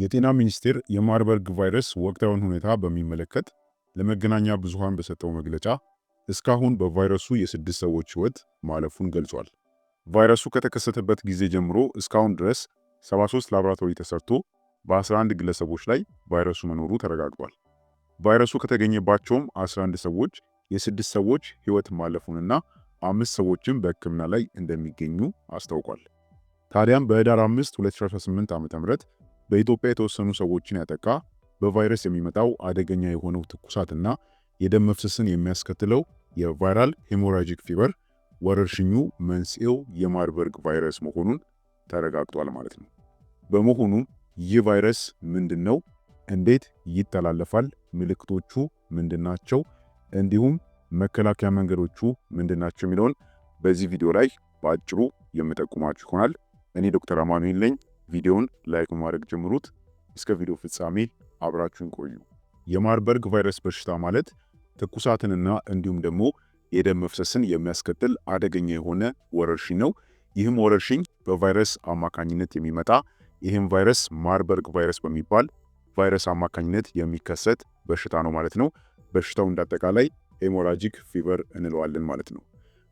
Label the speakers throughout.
Speaker 1: የጤና ሚኒስቴር የማርበርግ ቫይረስ ወቅታዊውን ሁኔታ በሚመለከት ለመገናኛ ብዙሃን በሰጠው መግለጫ እስካሁን በቫይረሱ የስድስት ሰዎች ሕይወት ማለፉን ገልጿል። ቫይረሱ ከተከሰተበት ጊዜ ጀምሮ እስካሁን ድረስ 73 ላብራቶሪ ተሰርቶ በ11 ግለሰቦች ላይ ቫይረሱ መኖሩ ተረጋግጧል። ቫይረሱ ከተገኘባቸውም 11 ሰዎች የስድስት ሰዎች ሕይወት ማለፉንና አምስት ሰዎችም በህክምና ላይ እንደሚገኙ አስታውቋል። ታዲያም በህዳር 5 2018 ዓ.ም በኢትዮጵያ የተወሰኑ ሰዎችን ያጠቃ በቫይረስ የሚመጣው አደገኛ የሆነው ትኩሳትና የደም መፍሰስን የሚያስከትለው የቫይራል ሄሞራጂክ ፊቨር ወረርሽኙ መንስኤው የማርበርግ ቫይረስ መሆኑን ተረጋግጧል ማለት ነው። በመሆኑም ይህ ቫይረስ ምንድን ነው? እንዴት ይተላለፋል? ምልክቶቹ ምንድናቸው? እንዲሁም መከላከያ መንገዶቹ ምንድናቸው የሚለውን በዚህ ቪዲዮ ላይ በአጭሩ የምጠቁማችሁ ይሆናል። እኔ ዶክተር አማኑኤል ነኝ። ቪዲዮውን ላይክ ማድረግ ጀምሩት። እስከ ቪዲዮ ፍጻሜ አብራችሁን ቆዩ። የማርበርግ ቫይረስ በሽታ ማለት ትኩሳትንና እንዲሁም ደግሞ የደም መፍሰስን የሚያስከትል አደገኛ የሆነ ወረርሽኝ ነው። ይህም ወረርሽኝ በቫይረስ አማካኝነት የሚመጣ ይህም ቫይረስ ማርበርግ ቫይረስ በሚባል ቫይረስ አማካኝነት የሚከሰት በሽታ ነው ማለት ነው። በሽታው እንዳጠቃላይ ሄሞራጂክ ፊቨር እንለዋለን ማለት ነው።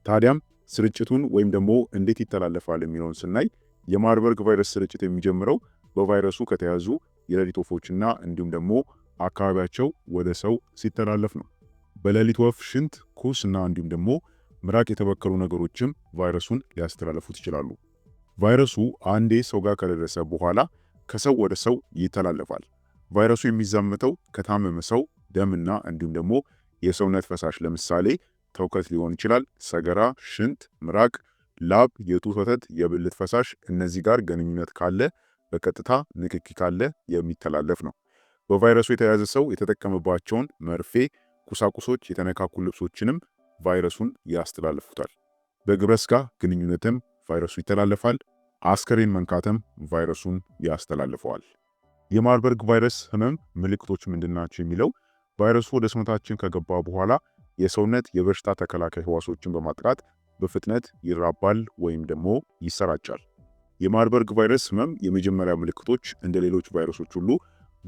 Speaker 1: ታዲያም ስርጭቱን ወይም ደግሞ እንዴት ይተላለፋል የሚለውን ስናይ የማርበርግ ቫይረስ ስርጭት የሚጀምረው በቫይረሱ ከተያዙ የሌሊት ወፎችና እንዲሁም ደግሞ አካባቢያቸው ወደ ሰው ሲተላለፍ ነው። በሌሊት ወፍ ሽንት፣ ኩስ እና እንዲሁም ደግሞ ምራቅ የተበከሉ ነገሮችም ቫይረሱን ሊያስተላልፉት ይችላሉ። ቫይረሱ አንዴ ሰው ጋር ከደረሰ በኋላ ከሰው ወደ ሰው ይተላለፋል። ቫይረሱ የሚዛመተው ከታመመ ሰው ደምና እንዲሁም ደግሞ የሰውነት ፈሳሽ ለምሳሌ ተውከት ሊሆን ይችላል፣ ሰገራ፣ ሽንት፣ ምራቅ ላብ፣ የጡት ወተት፣ የብልት ፈሳሽ እነዚህ ጋር ግንኙነት ካለ በቀጥታ ንክኪ ካለ የሚተላለፍ ነው። በቫይረሱ የተያዘ ሰው የተጠቀመባቸውን መርፌ ቁሳቁሶች፣ የተነካኩ ልብሶችንም ቫይረሱን ያስተላልፉታል። በግብረ ስጋ ግንኙነትም ቫይረሱ ይተላለፋል። አስከሬን መንካተም ቫይረሱን ያስተላልፈዋል። የማርበርግ ቫይረስ ህመም ምልክቶች ምንድናቸው? የሚለው ቫይረሱ ወደ ሰውነታችን ከገባ በኋላ የሰውነት የበሽታ ተከላካይ ህዋሶችን በማጥቃት በፍጥነት ይራባል ወይም ደግሞ ይሰራጫል። የማርበርግ ቫይረስ ህመም የመጀመሪያ ምልክቶች እንደ ሌሎች ቫይረሶች ሁሉ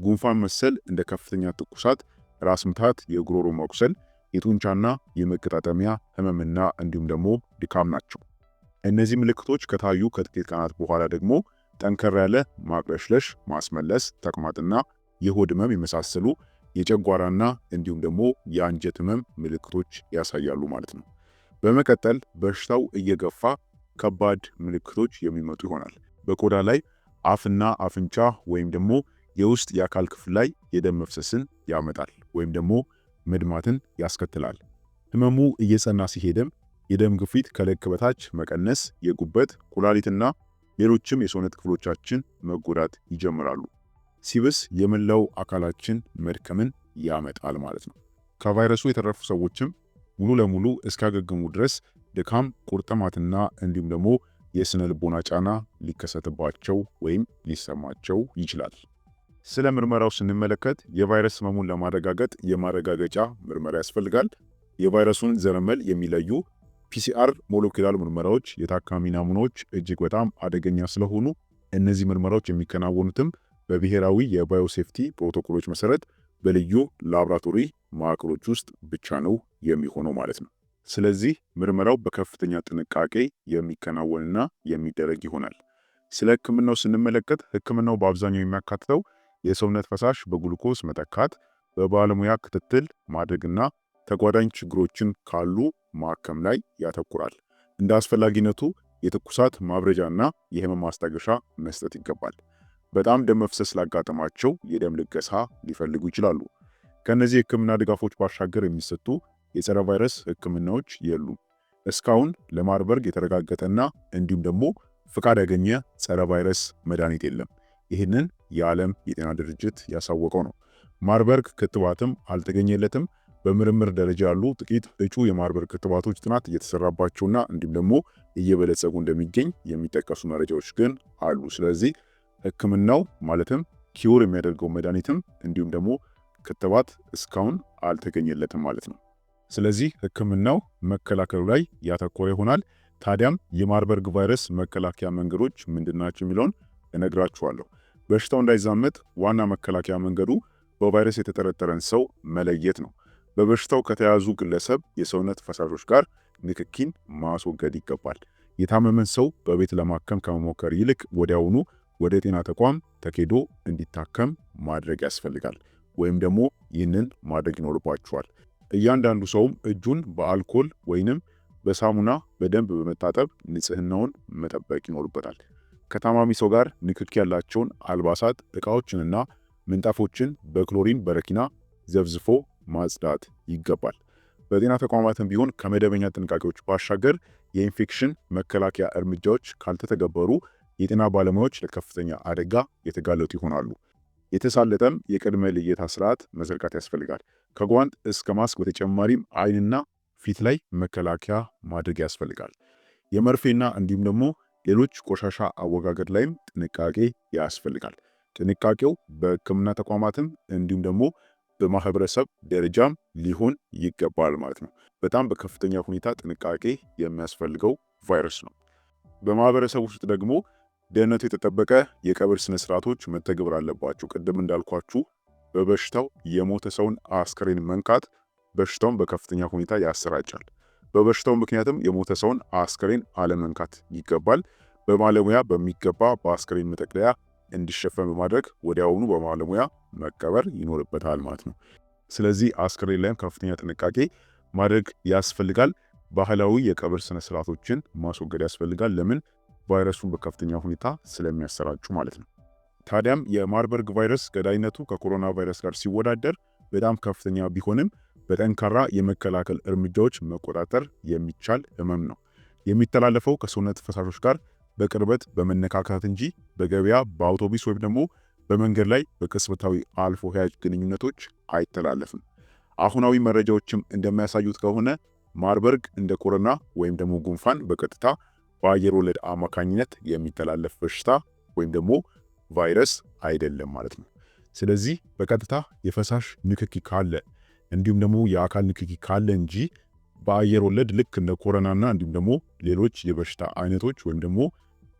Speaker 1: ጉንፋን መሰል እንደ ከፍተኛ ትኩሳት፣ ራስ ምታት፣ የጉሮሮ መቁሰል፣ የጡንቻና የመገጣጠሚያ ህመምና እንዲሁም ደግሞ ድካም ናቸው። እነዚህ ምልክቶች ከታዩ ከጥቂት ቀናት በኋላ ደግሞ ጠንከር ያለ ማቅለሽለሽ፣ ማስመለስ፣ ተቅማጥና የሆድ ህመም የመሳሰሉ የጨጓራና እንዲሁም ደግሞ የአንጀት ህመም ምልክቶች ያሳያሉ ማለት ነው። በመቀጠል በሽታው እየገፋ ከባድ ምልክቶች የሚመጡ ይሆናል። በቆዳ ላይ አፍና አፍንጫ ወይም ደግሞ የውስጥ የአካል ክፍል ላይ የደም መፍሰስን ያመጣል ወይም ደግሞ መድማትን ያስከትላል። ህመሙ እየጸና ሲሄድም የደም ግፊት ከልክ በታች መቀነስ፣ የጉበት ኩላሊትና ሌሎችም የሰውነት ክፍሎቻችን መጎዳት ይጀምራሉ። ሲብስ የመላው አካላችን መድከምን ያመጣል ማለት ነው። ከቫይረሱ የተረፉ ሰዎችም ሙሉ ለሙሉ እስኪያገግሙ ድረስ ድካም፣ ቁርጥማትና እንዲሁም ደግሞ የስነ ልቦና ጫና ሊከሰትባቸው ወይም ሊሰማቸው ይችላል። ስለ ምርመራው ስንመለከት የቫይረስ ህመሙን ለማረጋገጥ የማረጋገጫ ምርመራ ያስፈልጋል። የቫይረሱን ዘረመል የሚለዩ ፒሲአር ሞለኪላል ምርመራዎች የታካሚ ናሙናዎች እጅግ በጣም አደገኛ ስለሆኑ እነዚህ ምርመራዎች የሚከናወኑትም በብሔራዊ የባዮሴፍቲ ፕሮቶኮሎች መሰረት በልዩ ላብራቶሪ ማዕከሎች ውስጥ ብቻ ነው የሚሆነው ማለት ነው። ስለዚህ ምርመራው በከፍተኛ ጥንቃቄ የሚከናወንና የሚደረግ ይሆናል። ስለ ህክምናው ስንመለከት ህክምናው በአብዛኛው የሚያካትተው የሰውነት ፈሳሽ በግሉኮስ መተካት፣ በባለሙያ ክትትል ማድረግና ተጓዳኝ ችግሮችን ካሉ ማከም ላይ ያተኩራል። እንደ አስፈላጊነቱ የትኩሳት ማብረጃና የህመም ማስታገሻ መስጠት ይገባል። በጣም ደም መፍሰስ ላጋጠማቸው የደም ልገሳ ሊፈልጉ ይችላሉ። ከእነዚህ ህክምና ድጋፎች ባሻገር የሚሰጡ የጸረ ቫይረስ ህክምናዎች የሉም። እስካሁን ለማርበርግ የተረጋገጠና እንዲሁም ደግሞ ፍቃድ ያገኘ ጸረ ቫይረስ መድኃኒት የለም። ይህንን የዓለም የጤና ድርጅት ያሳወቀው ነው። ማርበርግ ክትባትም አልተገኘለትም። በምርምር ደረጃ ያሉ ጥቂት እጩ የማርበርግ ክትባቶች ጥናት እየተሰራባቸውና እንዲሁም ደግሞ እየበለጸጉ እንደሚገኝ የሚጠቀሱ መረጃዎች ግን አሉ። ስለዚህ ህክምናው ማለትም ኪውር የሚያደርገው መድኃኒትም እንዲሁም ደግሞ ክትባት እስካሁን አልተገኘለትም ማለት ነው። ስለዚህ ህክምናው መከላከሉ ላይ ያተኮረ ይሆናል። ታዲያም የማርበርግ ቫይረስ መከላከያ መንገዶች ምንድናቸው የሚለውን እነግራችኋለሁ። በሽታው እንዳይዛመት ዋና መከላከያ መንገዱ በቫይረስ የተጠረጠረን ሰው መለየት ነው። በበሽታው ከተያዙ ግለሰብ የሰውነት ፈሳሾች ጋር ንክኪን ማስወገድ ይገባል። የታመመን ሰው በቤት ለማከም ከመሞከር ይልቅ ወዲያውኑ ወደ ጤና ተቋም ተኬዶ እንዲታከም ማድረግ ያስፈልጋል። ወይም ደግሞ ይህንን ማድረግ ይኖርባችኋል። እያንዳንዱ ሰውም እጁን በአልኮል ወይንም በሳሙና በደንብ በመታጠብ ንጽህናውን መጠበቅ ይኖርበታል። ከታማሚ ሰው ጋር ንክክ ያላቸውን አልባሳት፣ እቃዎችንና ምንጣፎችን በክሎሪን በረኪና ዘብዝፎ ማጽዳት ይገባል። በጤና ተቋማትም ቢሆን ከመደበኛ ጥንቃቄዎች ባሻገር የኢንፌክሽን መከላከያ እርምጃዎች ካልተተገበሩ የጤና ባለሙያዎች ለከፍተኛ አደጋ የተጋለጡ ይሆናሉ። የተሳለጠም የቅድመ ልየታ ስርዓት መዘርጋት ያስፈልጋል። ከጓንት እስከ ማስክ በተጨማሪም አይንና ፊት ላይ መከላከያ ማድረግ ያስፈልጋል። የመርፌና እንዲሁም ደግሞ ሌሎች ቆሻሻ አወጋገድ ላይም ጥንቃቄ ያስፈልጋል። ጥንቃቄው በሕክምና ተቋማትም እንዲሁም ደግሞ በማህበረሰብ ደረጃም ሊሆን ይገባል ማለት ነው። በጣም በከፍተኛ ሁኔታ ጥንቃቄ የሚያስፈልገው ቫይረስ ነው። በማህበረሰብ ውስጥ ደግሞ ደህንነቱ የተጠበቀ የቀብር ስነስርዓቶች መተግበር አለባቸው። ቅድም እንዳልኳችሁ በበሽታው የሞተ ሰውን አስከሬን መንካት በሽታውን በከፍተኛ ሁኔታ ያሰራጫል። በበሽታው ምክንያትም የሞተ ሰውን አስከሬን አለመንካት ይገባል። በባለሙያ በሚገባ በአስከሬን መጠቅለያ እንዲሸፈን በማድረግ ወዲያውኑ በባለሙያ መቀበር ይኖርበታል ማለት ነው። ስለዚህ አስከሬን ላይም ከፍተኛ ጥንቃቄ ማድረግ ያስፈልጋል። ባህላዊ የቀብር ስነስርዓቶችን ማስወገድ ያስፈልጋል። ለምን ቫይረሱን በከፍተኛ ሁኔታ ስለሚያሰራጩ ማለት ነው። ታዲያም የማርበርግ ቫይረስ ገዳይነቱ ከኮሮና ቫይረስ ጋር ሲወዳደር በጣም ከፍተኛ ቢሆንም በጠንካራ የመከላከል እርምጃዎች መቆጣጠር የሚቻል ህመም ነው። የሚተላለፈው ከሰውነት ፈሳሾች ጋር በቅርበት በመነካካት እንጂ በገበያ በአውቶቡስ ወይም ደግሞ በመንገድ ላይ በቅጽበታዊ አልፎ ያጅ ግንኙነቶች አይተላለፍም። አሁናዊ መረጃዎችም እንደሚያሳዩት ከሆነ ማርበርግ እንደ ኮሮና ወይም ደግሞ ጉንፋን በቀጥታ በአየር ወለድ አማካኝነት የሚተላለፍ በሽታ ወይም ደግሞ ቫይረስ አይደለም ማለት ነው። ስለዚህ በቀጥታ የፈሳሽ ንክኪ ካለ እንዲሁም ደግሞ የአካል ንክኪ ካለ እንጂ በአየር ወለድ ልክ እንደ ኮረናና እንዲሁም ደግሞ ሌሎች የበሽታ አይነቶች ወይም ደግሞ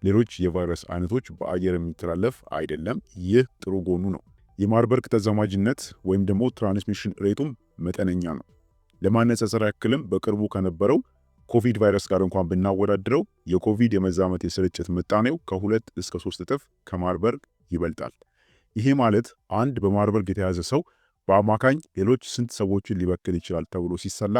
Speaker 1: ሌሎች የቫይረስ አይነቶች በአየር የሚተላለፍ አይደለም። ይህ ጥሩ ጎኑ ነው። የማርበርግ ተዛማጅነት ወይም ደግሞ ትራንስሚሽን ሬቱም መጠነኛ ነው። ለማነጻጸር ያክልም በቅርቡ ከነበረው ኮቪድ ቫይረስ ጋር እንኳን ብናወዳድረው የኮቪድ የመዛመት የስርጭት ምጣኔው ከሁለት እስከ ሶስት እጥፍ ከማርበርግ ይበልጣል። ይሄ ማለት አንድ በማርበርግ የተያዘ ሰው በአማካኝ ሌሎች ስንት ሰዎችን ሊበክል ይችላል ተብሎ ሲሰላ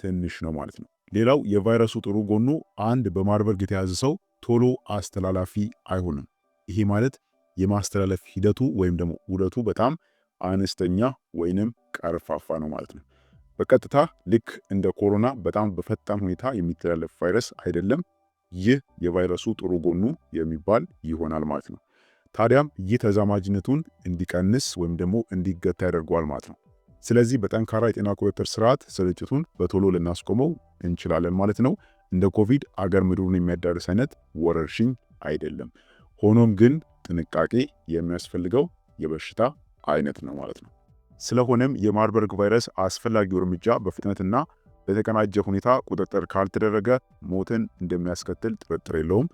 Speaker 1: ትንሽ ነው ማለት ነው። ሌላው የቫይረሱ ጥሩ ጎኑ አንድ በማርበርግ የተያዘ ሰው ቶሎ አስተላላፊ አይሆንም። ይሄ ማለት የማስተላለፍ ሂደቱ ወይም ደግሞ ውደቱ በጣም አነስተኛ ወይንም ቀርፋፋ ነው ማለት ነው። በቀጥታ ልክ እንደ ኮሮና በጣም በፈጣን ሁኔታ የሚተላለፍ ቫይረስ አይደለም። ይህ የቫይረሱ ጥሩ ጎኑ የሚባል ይሆናል ማለት ነው። ታዲያም ይህ ተዛማጅነቱን እንዲቀንስ ወይም ደግሞ እንዲገታ ያደርገዋል ማለት ነው። ስለዚህ በጠንካራ የጤና ቁጥጥር ስርዓት ስርጭቱን በቶሎ ልናስቆመው እንችላለን ማለት ነው። እንደ ኮቪድ አገር ምድሩን የሚያዳርስ አይነት ወረርሽኝ አይደለም። ሆኖም ግን ጥንቃቄ የሚያስፈልገው የበሽታ አይነት ነው ማለት ነው። ስለሆነም የማርበርግ ቫይረስ አስፈላጊው እርምጃ በፍጥነትና በተቀናጀ ሁኔታ ቁጥጥር ካልተደረገ ሞትን እንደሚያስከትል ጥርጥር የለውም።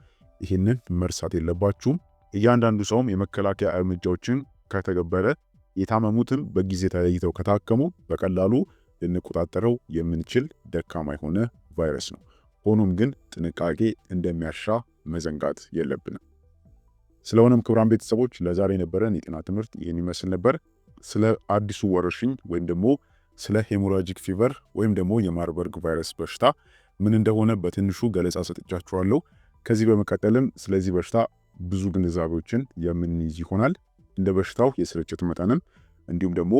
Speaker 1: ይህንን መርሳት የለባችሁም። እያንዳንዱ ሰውም የመከላከያ እርምጃዎችን ከተገበረ የታመሙትም በጊዜ ተለይተው ከታከሙ በቀላሉ ልንቆጣጠረው የምንችል ደካማ የሆነ ቫይረስ ነው። ሆኖም ግን ጥንቃቄ እንደሚያሻ መዘንጋት የለብንም። ስለሆነም ክቡራን ቤተሰቦች ለዛሬ የነበረን የጤና ትምህርት ይህን ይመስል ነበር። ስለ አዲሱ ወረርሽኝ ወይም ደግሞ ስለ ሄሞራጂክ ፊቨር ወይም ደግሞ የማርበርግ ቫይረስ በሽታ ምን እንደሆነ በትንሹ ገለጻ ሰጥቻችኋለሁ። ከዚህ በመቀጠልም ስለዚህ በሽታ ብዙ ግንዛቤዎችን የምንይዝ ይሆናል። እንደ በሽታው የስርጭት መጠንም እንዲሁም ደግሞ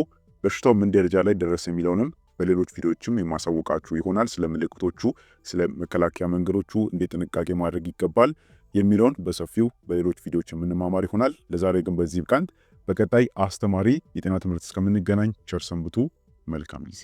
Speaker 1: በሽታው ምን ደረጃ ላይ ደረሰ የሚለውንም በሌሎች ቪዲዮዎችም የማሳወቃችሁ ይሆናል። ስለ ምልክቶቹ፣ ስለ መከላከያ መንገዶቹ፣ እንዴት ጥንቃቄ ማድረግ ይገባል የሚለውን በሰፊው በሌሎች ቪዲዮዎች የምንማማር ይሆናል። ለዛሬ ግን በዚህ ብቃን። በቀጣይ አስተማሪ የጤና ትምህርት እስከምንገናኝ ቸር ሰንብቱ። መልካም ጊዜ